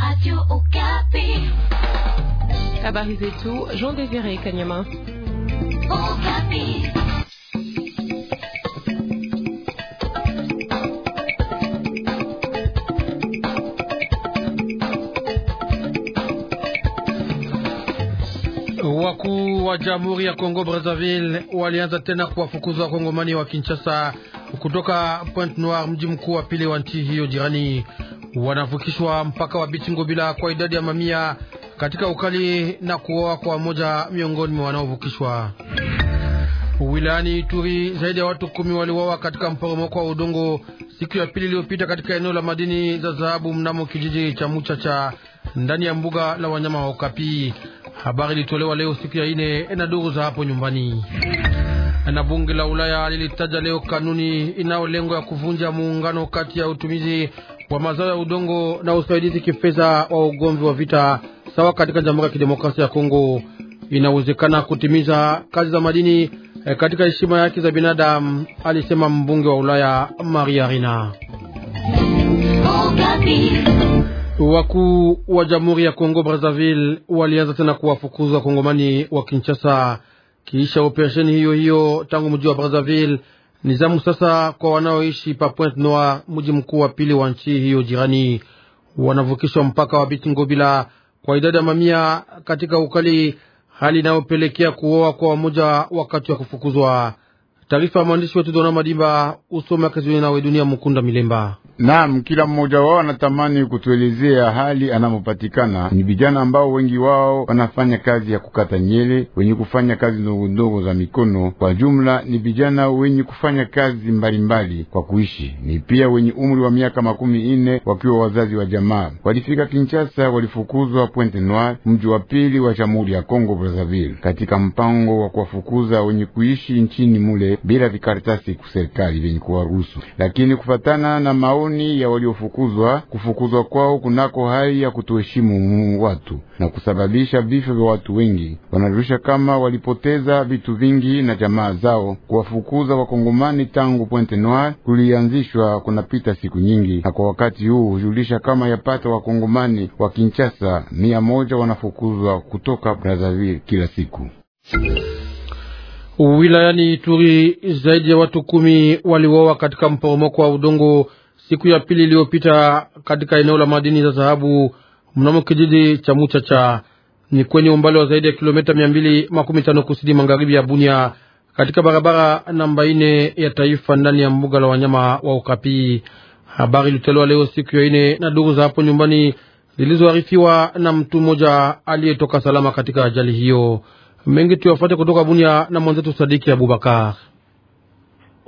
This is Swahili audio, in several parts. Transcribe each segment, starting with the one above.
Radio Okapi. Habari zetu Jean Desire Kanyama. Okapi. Wakuu wa Jamhuri ya Kongo Brazzaville walianza tena kuwafukuza Wakongomani wa Kinshasa kutoka Pointe Noire, mji mkuu wa pili wa nchi hiyo jirani wanavukishwa mpaka wa Bitingo bila kwa idadi ya mamia katika ukali na kuoa kwa moja miongoni mwa wanaovukishwa wilayani Ituri. Zaidi ya watu kumi waliuawa katika mporomoko wa udongo siku ya pili iliyopita katika eneo la madini za dhahabu mnamo kijiji cha Muchacha ndani ya mbuga la wanyama wa Okapi. Habari ilitolewa leo siku ya ine na duru za hapo nyumbani. Na bunge la Ulaya lilitaja leo kanuni inayo lengo ya kuvunja muungano kati ya utumizi wa mazao ya udongo na usaidizi kifedha wa ugomvi wa vita sawa katika Jamhuri ya Kidemokrasia ya Kongo. Inawezekana kutimiza kazi za madini eh, katika heshima ya haki za binadamu, alisema mbunge wa Ulaya Maria Rina. Wakuu wa Jamhuri ya Kongo Brazzaville walianza tena kuwafukuza Kongomani wa Kinshasa kiisha operesheni hiyo hiyo tangu mji wa Brazzaville ni zamu sasa kwa wanaoishi pa Point Noir, mji mkuu wa pili wa nchi hiyo jirani. Wanavukishwa mpaka wa Bitingo bila kwa idadi ya mamia katika ukali, hali inayopelekea kuoa kwa wamoja wakati wa kufukuzwa. Taarifa ya mwandishi wetu Dona Madimba usome Akaziwe nawe Dunia Mukunda Milemba. Naam, kila mmoja wao anatamani kutuelezea hali anamopatikana. Ni vijana ambao wengi wao wanafanya kazi ya kukata nyele, wenye kufanya kazi ndogo za mikono. Kwa jumla ni vijana wenye kufanya kazi mbalimbali mbali kwa kuishi, ni pia wenye umri wa miaka makumi ine wakiwa wazazi wa jamaa. Walifika Kinshasa, walifukuzwa Pointe Noire, mji wa pili wa Jamhuri ya Kongo Brazzaville, katika mpango wa kuwafukuza wenye kuishi nchini mule bila vikaratasi kuserikali vyenye kuwaruhusu, lakini kufatana na maoni maoni ya waliofukuzwa kufukuzwa kwao kunako hali ya kutoheshimu watu na kusababisha vifo vya watu wengi. Wanajulisha kama walipoteza vitu vingi na jamaa zao. Kuwafukuza wakongomani tangu Pointe Noire kulianzishwa kunapita siku nyingi, na kwa wakati huu hujulisha kama yapata wakongomani wa Kinshasa mia moja wanafukuzwa kutoka Brazzaville kila siku. Wilayani Ituri zaidi ya watu kumi waliuawa katika mporomoko wa udongo siku ya pili iliyopita katika eneo la madini za dhahabu mnamo kijiji cha Muchacha ni kwenye umbali wa zaidi ya kilomita mia mbili makumi tano kusini magharibi ya Bunia katika barabara namba ine ya taifa ndani ya mbuga la wanyama wa Ukapi. Habari ilitolewa leo siku ya ine na duru za hapo nyumbani zilizoarifiwa na mtu mmoja aliyetoka salama katika ajali hiyo. Mengi tuyafuate kutoka Bunia na mwenzetu Sadiki Abubakar.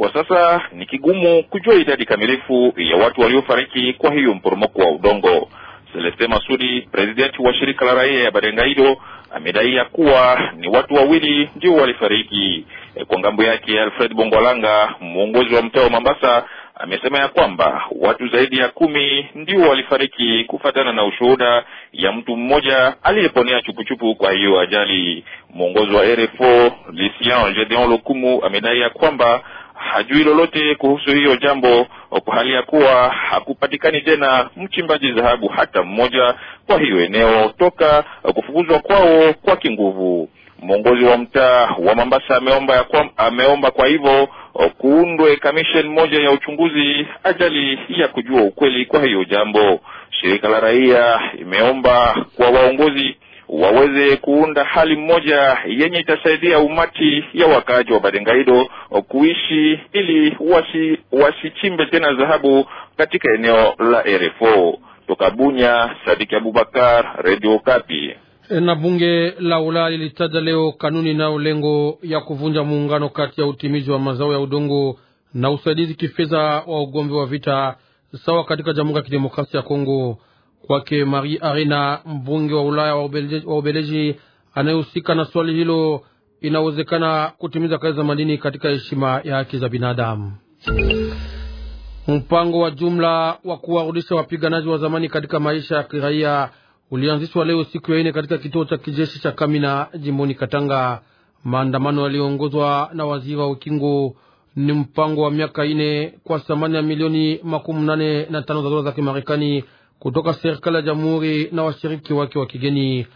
Kwa sasa ni kigumu kujua idadi kamilifu ya watu waliofariki kwa hiyo mporomoko wa udongo. Celeste Masudi, presidenti wa shirika la raia ya Badengaido, amedai ya kuwa ni watu wawili ndio walifariki. E, kwa ngambo yake, Alfred Bongolanga, mwongozi wa mtaa wa Mambasa, amesema ya kwamba watu zaidi ya kumi ndio walifariki kufatana na ushuhuda ya mtu mmoja aliyeponea chupuchupu kwa hiyo ajali. Mwongozi wa RFO Lucien Gedeon Lokumu amedai ya kwamba hajui lolote kuhusu hiyo jambo kwa hali ya kuwa hakupatikani tena mchimbaji dhahabu hata mmoja kwa hiyo eneo toka kufukuzwa kwao kwa kinguvu. Mwongozi wa mtaa wa Mombasa ameomba kwa, ameomba kwa hivyo kuundwe kamishen moja ya uchunguzi ajali ya kujua ukweli kwa hiyo jambo. Shirika la raia imeomba kwa waongozi waweze kuunda hali moja yenye itasaidia umati ya wakaaji wa Badengaido kuishi ili wasi wasichimbe tena dhahabu katika eneo la RFO. Toka Bunya, Sadiki Abubakar, Radio Kapi. E, na bunge la Ulaya lilitaja leo kanuni nayo lengo ya kuvunja muungano kati ya utimizi wa mazao ya udongo na usaidizi kifedha wa ugomvi wa vita sawa katika Jamhuri ya Kidemokrasia ya Kongo. Kwake Marie Arena, mbunge wa Ulaya wa Ubeleji anayehusika na swali hilo, inawezekana kutimiza kazi za madini katika heshima ya haki za binadamu. Mpango wa jumla wa kuwarudisha wapiganaji wa zamani katika maisha ya kiraia ulianzishwa leo siku ya ine katika kituo cha kijeshi cha Kamina jimboni Katanga. Maandamano yaliyoongozwa na waziri wa ukingo ni mpango wa miaka ine kwa thamani ya milioni makumi nane na tano za dola za Kimarekani kutoka serikali ya jamhuri na washiriki wake wa kigeni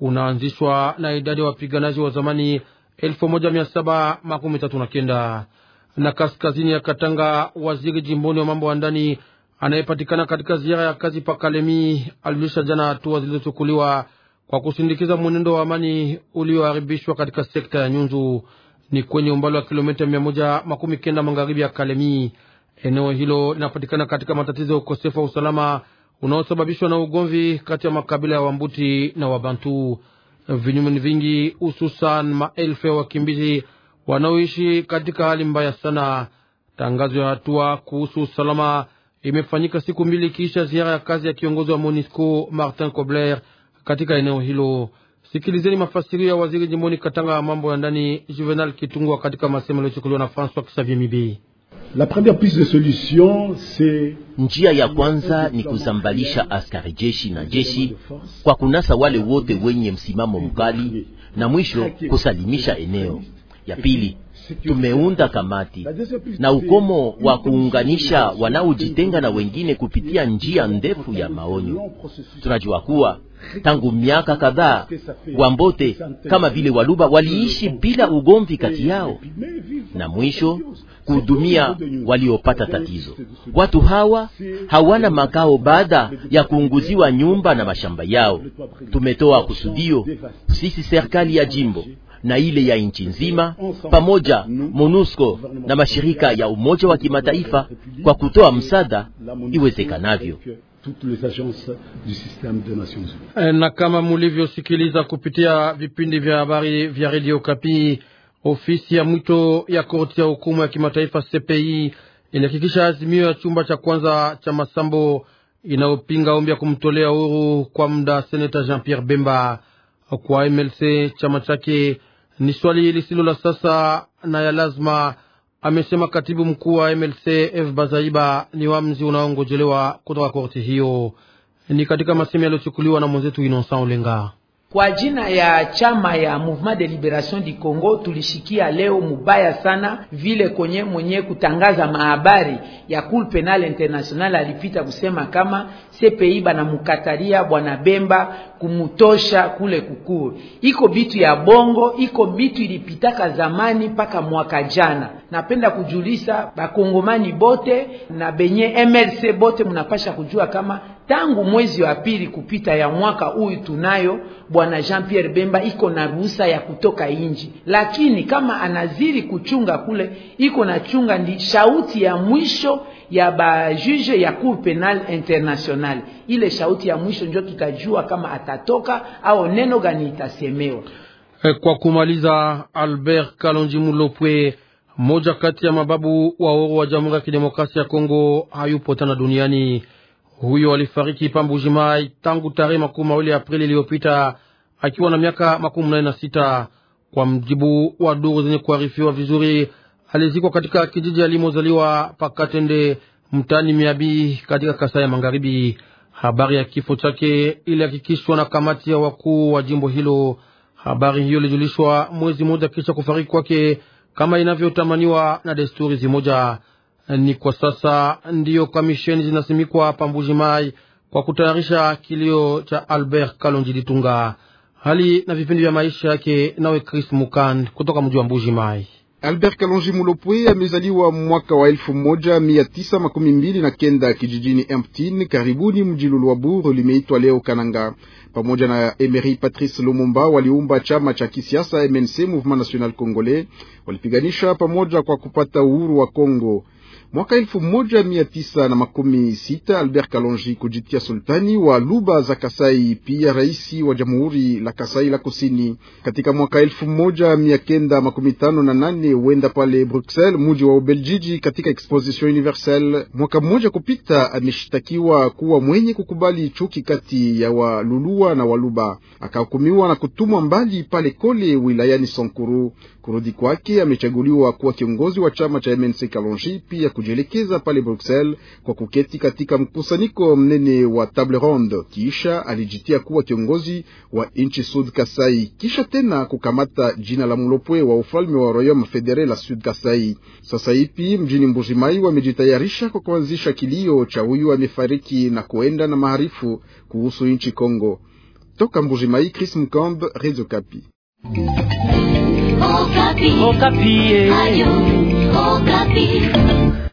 unaanzishwa na idadi ya wapiganaji wa zamani elfu moja mia saba makumi tatu na kenda na kaskazini ya Katanga, waziri jimboni wa mambo ya ndani anayepatikana katika ziara ya kazi Pakalemi alijulisha jana hatua zilizochukuliwa kwa kusindikiza mwenendo wa amani ulioharibishwa katika sekta ya Nyunzu ni kwenye umbali wa kilomita mia moja makumi kenda magharibi ya Kalemi. Eneo hilo linapatikana katika matatizo ya ukosefu wa usalama unaosababishwa na ugomvi kati ya makabila ya Wambuti na Wabantu. Vinyume ni vingi, hususan maelfu ya wakimbizi wanaoishi katika hali mbaya sana. Tangazo ya hatua kuhusu usalama imefanyika siku mbili kisha ziara ya kazi ya kiongozi wa MONUSCO Martin Kobler katika eneo hilo. Sikilizeni mafasirio ya waziri jimboni Katanga ya mambo ya ndani Juvenal Kitungwa katika masemo yaliyochukuliwa na François Xavier Mibi. La première piste de solution c'est njia ya kwanza ni kuzambalisha askari jeshi na jeshi kwa kunasa wale wote wenye msimamo mkali, na mwisho kusalimisha eneo. Ya pili tumeunda kamati na ukomo wa kuunganisha wanaojitenga na wengine kupitia njia ndefu ya maonyo. Tunajua kuwa tangu miaka kadhaa Wambote kama vile Waluba waliishi bila ugomvi kati yao, na mwisho kuhudumia waliopata tatizo. Watu hawa hawana makao baada ya kuunguziwa nyumba na mashamba yao. Tumetoa kusudio sisi, serikali ya jimbo na ile ya nchi nzima pamoja MONUSCO na mashirika ya Umoja wa Kimataifa kwa kutoa msaada iwezekanavyo. Eh, na kama mulivyosikiliza kupitia vipindi vya habari vya Radio Kapii, Ofisi ya mwito ya korti ya hukumu ya kimataifa CPI inahakikisha azimio ya chumba cha kwanza cha Masambo inayopinga ombi ya kumtolea huru kwa muda seneta Jean Pierre Bemba kwa MLC. Chama chake ni swali lisilo la sasa na ya lazima, amesema katibu mkuu wa MLC F Bazaiba. Ni wamzi unaongojelewa kutoka korti hiyo, ni katika masemi yaliyochukuliwa na mwenzetu Innocent Olenga kwa jina ya chama ya Mouvement de Liberation du Congo tulishikia leo mubaya sana vile kwenye mwenye kutangaza mahabari ya Cour Penal International alipita kusema kama CPI banamukataria bwana Bemba kumutosha kule kukuru. Iko bitu ya bongo, iko bitu ilipitaka zamani mpaka mwaka jana. Napenda kujulisa bakongomani bote na benye MLC bote, munapasha kujua kama tangu mwezi wa pili kupita ya mwaka huyu tunayo bwana jean pierre bemba iko na ruhusa ya kutoka inji lakini kama anaziri kuchunga kule iko na chunga ndi shauti ya mwisho ya bajuge ya cour penal international ile shauti ya mwisho njo tutajua kama atatoka au neno gani itasemewa eh, kwa kumaliza albert kalonji mulopwe moja kati ya mababu wa oro wa jamhuri ya kidemokrasia ya kongo hayupo tena duniani huyo alifariki Pambujimai tangu tarehe makumi mawili Aprili iliyopita akiwa na miaka makumi mnane na sita kwa mjibu wa duru zenye kuharifiwa vizuri. Alizikwa katika kijiji alimozaliwa Pakatende mtani Miabi katika Kasai ya Magharibi. Habari ya kifo chake ilihakikishwa na kamati ya wakuu wa jimbo hilo. Habari hiyo ilijulishwa mwezi mmoja kisha kufariki kwake, kama inavyotamaniwa na desturi zimoja ni kwa sasa ndiyo kamisheni zinasimikwa hapa mbuji mai kwa kutayarisha kilio cha Albert Kalonji Ditunga, hali na vipindi vya maisha yake. Nawe Chris Mukand kutoka mji wa mbuji mai Albert Kalonji Mulopwe amezaliwa mwaka wa elfu moja mia tisa makumi mbili na kenda kijijini Emptin karibuni mji Lulwaburu limeitwa leo Kananga. Pamoja na Emery Patrice Lumumba waliumba chama cha kisiasa MNC Mouvement National Congolais, walipiganisha pamoja kwa kupata uhuru wa congo Mwaka elfu moja mia tisa na makumi sita Albert Kalonji kujitia sultani wa Luba za Kasai, pia raisi wa jamhuri la Kasai la Kusini. Katika mwaka elfu moja mia kenda makumi tano na nane huenda pale Bruxelles, muji wa Ubeljiji, katika Exposition Universelle. Mwaka mmoja kupita, ameshitakiwa kuwa mwenye kukubali chuki kati ya Walulua na Waluba, akahukumiwa na kutumwa mbali pale Kole wilayani Sankuru. Kurudi kwake, amechaguliwa kuwa kiongozi wa chama cha MNC Kalonji pia kujielekeza pale Bruxelles kwa kuketi katika mkusanyiko mnene wa table ronde. Kisha alijitia kuwa kiongozi wa nchi Sud Kasai, kisha tena kukamata jina la Mlopwe wa ufalme wa Royaume Federe la Sud Kasai. Sasa ipi mjini Mbujimai wamejitayarisha kwa kuanzisha kilio cha huyu amefariki na kuenda na maarifu kuhusu nchi Kongo. Toka Mbujimai, Chris Mkamb, Radio Kapi. Okapi. Okapi. Eh. Ayu, Okapi.